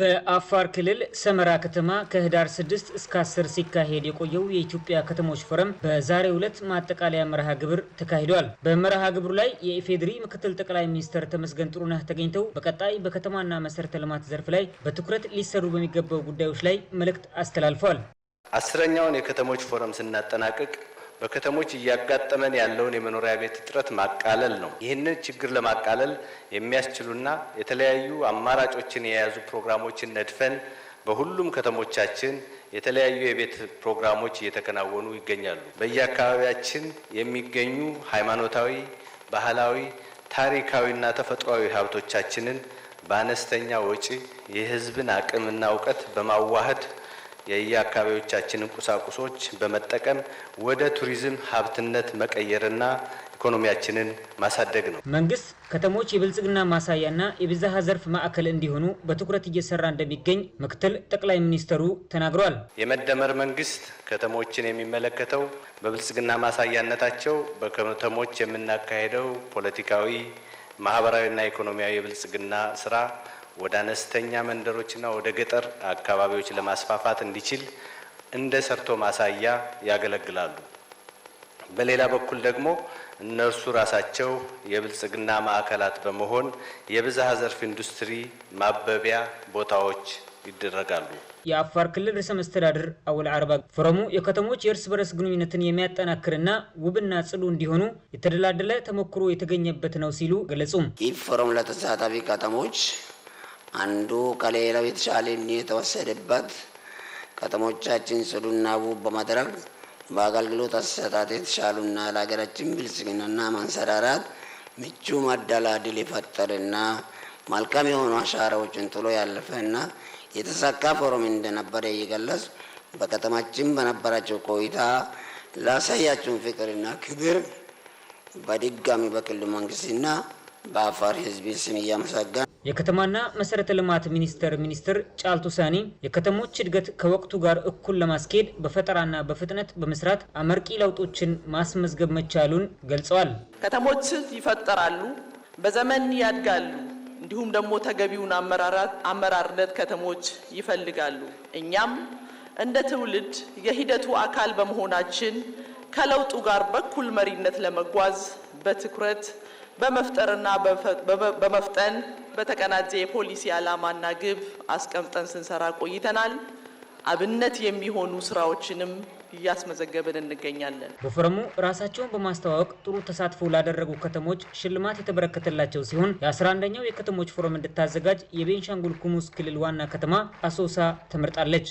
በአፋር ክልል ሰመራ ከተማ ከህዳር 6 እስከ 10 ሲካሄድ የቆየው የኢትዮጵያ ከተሞች ፎረም በዛሬው ዕለት ማጠቃለያ መርሃ ግብር ተካሂዷል። በመርሃ ግብሩ ላይ የኢፌድሪ ምክትል ጠቅላይ ሚኒስትር ተመስገን ጥሩነህ ተገኝተው በቀጣይ በከተማና መሰረተ ልማት ዘርፍ ላይ በትኩረት ሊሰሩ በሚገባው ጉዳዮች ላይ መልእክት አስተላልፏል። አስረኛውን የከተሞች ፎረም ስናጠናቅቅ በከተሞች እያጋጠመን ያለውን የመኖሪያ ቤት እጥረት ማቃለል ነው። ይህንን ችግር ለማቃለል የሚያስችሉና የተለያዩ አማራጮችን የያዙ ፕሮግራሞችን ነድፈን በሁሉም ከተሞቻችን የተለያዩ የቤት ፕሮግራሞች እየተከናወኑ ይገኛሉ። በየአካባቢያችን የሚገኙ ሃይማኖታዊ፣ ባህላዊ፣ ታሪካዊና ተፈጥሯዊ ሀብቶቻችንን በአነስተኛ ወጪ የህዝብን አቅምና እውቀት በማዋሃድ የየአካባቢዎቻችንን ቁሳቁሶች በመጠቀም ወደ ቱሪዝም ሀብትነት መቀየርና ኢኮኖሚያችንን ማሳደግ ነው። መንግስት ከተሞች የብልጽግና ማሳያና የብዝሃ ዘርፍ ማዕከል እንዲሆኑ በትኩረት እየሰራ እንደሚገኝ ምክትል ጠቅላይ ሚኒስትሩ ተናግረዋል። የመደመር መንግስት ከተሞችን የሚመለከተው በብልጽግና ማሳያነታቸው በከተሞች የምናካሄደው ፖለቲካዊ፣ ማህበራዊና ኢኮኖሚያዊ የብልጽግና ስራ ወደ አነስተኛ መንደሮችና ወደ ገጠር አካባቢዎች ለማስፋፋት እንዲችል እንደ ሰርቶ ማሳያ ያገለግላሉ። በሌላ በኩል ደግሞ እነርሱ ራሳቸው የብልጽግና ማዕከላት በመሆን የብዝሃ ዘርፍ ኢንዱስትሪ ማበቢያ ቦታዎች ይደረጋሉ። የአፋር ክልል ርዕሰ መስተዳድር አወል አርባ ፎረሙ የከተሞች የእርስ በርስ ግንኙነትን የሚያጠናክርና ውብና ጽሉ እንዲሆኑ የተደላደለ ተሞክሮ የተገኘበት ነው ሲሉ ገለጹም። ይህ ፎረም ለተሳታፊ ከተሞች አንዱ ከሌላው የተሻለ የተወሰደበት ከተሞቻችን ጽዱና ውብ በማድረግ በአገልግሎት አሰጣጥ የተሻሉና ለሀገራችን ብልጽግናና ማንሰራራት ምቹ መደላድል የፈጠርና መልካም የሆኑ አሻራዎችን ጥሎ ያለፈና የተሳካ ፎረም እንደነበረ እየገለጽ በከተማችን በነበራቸው ቆይታ ላሳያችሁን ፍቅርና ክብር በድጋሚ በክልሉ መንግስትና በአፋር ሕዝብ ስም እያመሰገን የከተማና መሰረተ ልማት ሚኒስቴር ሚኒስትር ጫልቱ ሳኒ የከተሞች እድገት ከወቅቱ ጋር እኩል ለማስኬድ በፈጠራና በፍጥነት በመስራት አመርቂ ለውጦችን ማስመዝገብ መቻሉን ገልጸዋል። ከተሞች ይፈጠራሉ፣ በዘመን ያድጋሉ፣ እንዲሁም ደግሞ ተገቢውን አመራርነት ከተሞች ይፈልጋሉ። እኛም እንደ ትውልድ የሂደቱ አካል በመሆናችን ከለውጡ ጋር በኩል መሪነት ለመጓዝ በትኩረት በመፍጠርና በመፍጠን በተቀናጀ የፖሊሲ ዓላማና ግብ አስቀምጠን ስንሰራ ቆይተናል። አብነት የሚሆኑ ስራዎችንም እያስመዘገብን እንገኛለን። በፎረሙ ራሳቸውን በማስተዋወቅ ጥሩ ተሳትፎ ላደረጉ ከተሞች ሽልማት የተበረከተላቸው ሲሆን የ11ኛው የከተሞች ፎረም እንድታዘጋጅ የቤንሻንጉል ኩሙዝ ክልል ዋና ከተማ አሶሳ ተመርጣለች።